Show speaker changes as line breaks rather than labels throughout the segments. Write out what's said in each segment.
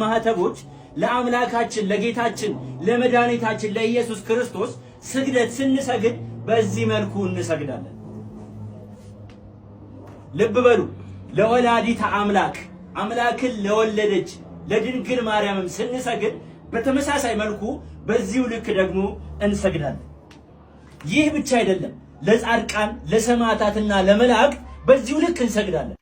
ማህተቦች ለአምላካችን ለጌታችን ለመድኃኒታችን ለኢየሱስ ክርስቶስ ስግደት ስንሰግድ በዚህ መልኩ እንሰግዳለን። ልብ በሉ። ለወላዲተ አምላክ አምላክን ለወለደች ለድንግል ማርያምም ስንሰግድ በተመሳሳይ መልኩ በዚሁ ልክ ደግሞ እንሰግዳለን። ይህ ብቻ አይደለም። ለጻድቃን ለሰማዕታትና ለመላእክት በዚሁ ልክ እንሰግዳለን።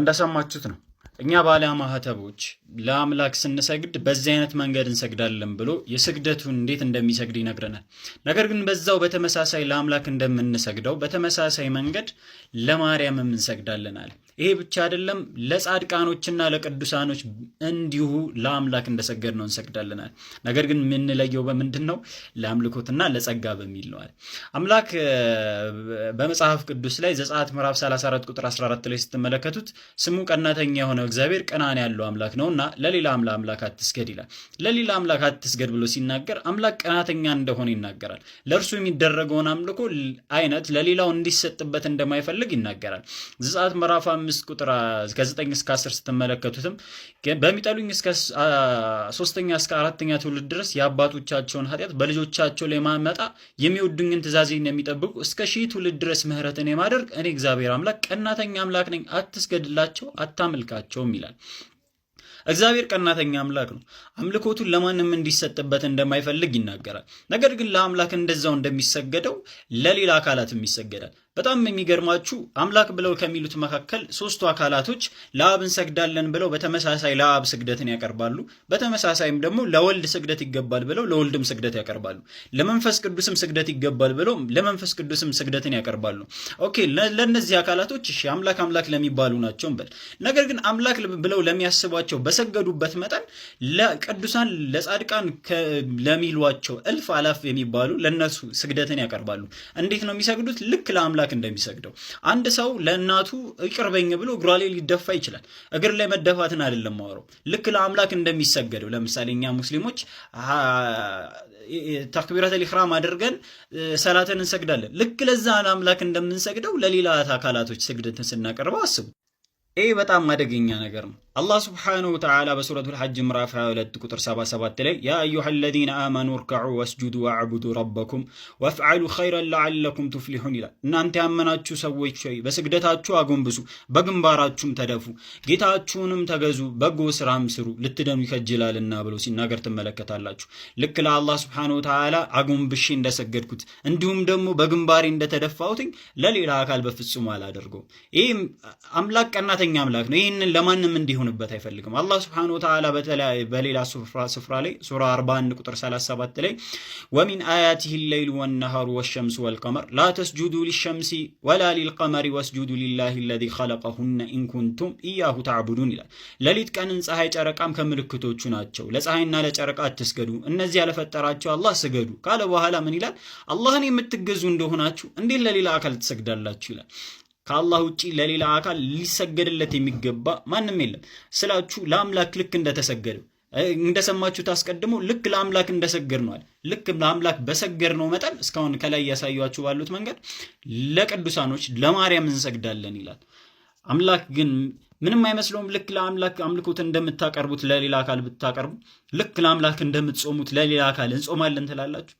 እንደሰማችሁት ነው። እኛ ባለ ማህተቦች ለአምላክ ስንሰግድ በዚህ አይነት መንገድ እንሰግዳለን ብሎ የስግደቱን እንዴት እንደሚሰግድ ይነግረናል። ነገር ግን በዛው በተመሳሳይ ለአምላክ እንደምንሰግደው በተመሳሳይ መንገድ ለማርያምም እንሰግዳለን አለ። ይሄ ብቻ አይደለም፣ ለጻድቃኖችና ለቅዱሳኖች እንዲሁ ለአምላክ እንደሰገድ ነው እንሰግዳለናል። ነገር ግን የምንለየው በምንድን ነው? ለአምልኮትና ለጸጋ በሚል ነዋል። አምላክ በመጽሐፍ ቅዱስ ላይ ዘጸአት ምዕራፍ 34 ቁጥር 14 ላይ ስትመለከቱት ስሙ ቀናተኛ የሆነው እግዚአብሔር ቅናን ያለው አምላክ እና ለሌላ አምላክ አትስገድ ይላል። ለሌላ አምላክ አትስገድ ብሎ ሲናገር አምላክ ቀናተኛ እንደሆነ ይናገራል። ለእርሱ የሚደረገውን አምልኮ አይነት ለሌላው እንዲሰጥበት እንደማይፈልግ ይናገራል። ዘጸአት ምዕራፍ አምስት ቁጥር ከዘጠኝ እስከ አስር ስትመለከቱትም በሚጠሉኝ እስከ ሶስተኛ እስከ አራተኛ ትውልድ ድረስ የአባቶቻቸውን ኃጢአት በልጆቻቸው ላይ ማመጣ የሚወዱኝን ትእዛዜን የሚጠብቁ እስከ ሺህ ትውልድ ድረስ ምህረትን የማደርግ እኔ እግዚአብሔር አምላክ ቀናተኛ አምላክ ነኝ፣ አትስገድላቸው፣ አታምልካቸውም ይላል። እግዚአብሔር ቀናተኛ አምላክ ነው። አምልኮቱን ለማንም እንዲሰጥበት እንደማይፈልግ ይናገራል። ነገር ግን ለአምላክ እንደዛው እንደሚሰገደው ለሌላ አካላትም ይሰገዳል። በጣም የሚገርማችሁ አምላክ ብለው ከሚሉት መካከል ሶስቱ አካላቶች ለአብ እንሰግዳለን ብለው በተመሳሳይ ለአብ ስግደትን ያቀርባሉ። በተመሳሳይም ደግሞ ለወልድ ስግደት ይገባል ብለው ለወልድም ስግደት ያቀርባሉ። ለመንፈስ ቅዱስም ስግደት ይገባል ብለው ለመንፈስ ቅዱስም ስግደትን ያቀርባሉ። ኦኬ፣ ለእነዚህ አካላቶች እሺ አምላክ አምላክ ለሚባሉ ናቸው እንበል። ነገር ግን አምላክ ብለው ለሚያስቧቸው በሰገዱበት መጠን ለቅዱሳን ለጻድቃን ለሚሏቸው እልፍ አላፍ የሚባሉ ለእነሱ ስግደትን ያቀርባሉ። እንዴት ነው የሚሰግዱት? ልክ ለአምላክ አምላክ እንደሚሰግደው አንድ ሰው ለእናቱ ይቅርበኝ ብሎ እግሯ ላይ ሊደፋ ይችላል። እግር ላይ መደፋትን አይደለም ማውረው ልክ ለአምላክ እንደሚሰገደው ለምሳሌ እኛ ሙስሊሞች ተክቢረተል ሊክራም አድርገን ሰላትን እንሰግዳለን። ልክ ለዛ ለአምላክ እንደምንሰግደው ለሌላ አካላቶች ስግደትን ስናቀርበው አስቡ። ይህ በጣም አደገኛ ነገር ነው። አላህ ስብሓነሁ ወተዓላ በሱረቱል ሐጅ ምዕራፍ 22 ቁጥር 77 ላይ ያ አዩሃ አለዚነ አመኑ እርክዑ ወስጁዱ ወዕቡዱ ረበኩም ወፍዓሉ ኸይረን ለዓለኩም ቱፍሊሑን ይላል። እናንተ ያመናችሁ ሰዎች ሆይ በስግደታችሁ አጎንብሱ፣ በግንባራችሁም ተደፉ፣ ጌታችሁንም ተገዙ፣ በጎ ስራም ስሩ፣ ልትደኑ ይከጅላልና ብሎ ሲናገር ትመለከታላችሁ። ልክ ለአላህ ስብሓነሁ ወተዓላ አጎንብሼ እንደሰገድኩት እንዲሁም ደግሞ በግንባሬ እንደተደፋሁትኝ ለሌላ አካል በፍጹም አላደርገውም። ይህም አምላክ ቀናተኛ አምላክ ነው። ይህንን ለማንም እንዲሆን እንድንሆንበት አይፈልግም። አላህ ስብሐነሁ ወተዓላ በሌላ ስፍራ ላይ ሱራ 41 ቁጥር 37 ላይ ወሚን አያቲህ ሌይሉ ወነሃሩ ወሸምሱ ወልቀመር ላ ተስጁዱ ሊሸምሲ ወላ ሊልቀመሪ ወስጁዱ ሊላሂ ለዚ ኸለቀሁነ ኢንኩንቱም ኢያሁ ተዕቡዱን ይላል። ሌሊት፣ ቀንን፣ ፀሐይ፣ ጨረቃም ከምልክቶቹ ናቸው። ለፀሐይና ለጨረቃ አትስገዱ፣ እነዚህ ለፈጠራቸው አላህ ስገዱ ካለ በኋላ ምን ይላል? አላህን የምትገዙ እንደሆናችሁ እንዴት ለሌላ አካል ትሰግዳላችሁ? ይላል ከአላህ ውጪ ለሌላ አካል ሊሰገድለት የሚገባ ማንም የለም ስላችሁ ለአምላክ ልክ እንደተሰገድ እንደሰማችሁት አስቀድሞ ልክ ለአምላክ እንደሰገድ ነዋል። ልክ ለአምላክ በሰገር ነው መጠን እስካሁን ከላይ ያሳያችሁ ባሉት መንገድ ለቅዱሳኖች ለማርያም እንሰግዳለን ይላል። አምላክ ግን ምንም አይመስለውም። ልክ ለአምላክ አምልኮት እንደምታቀርቡት ለሌላ አካል ብታቀርቡ፣ ልክ ለአምላክ እንደምትጾሙት ለሌላ አካል እንጾማለን ትላላችሁ።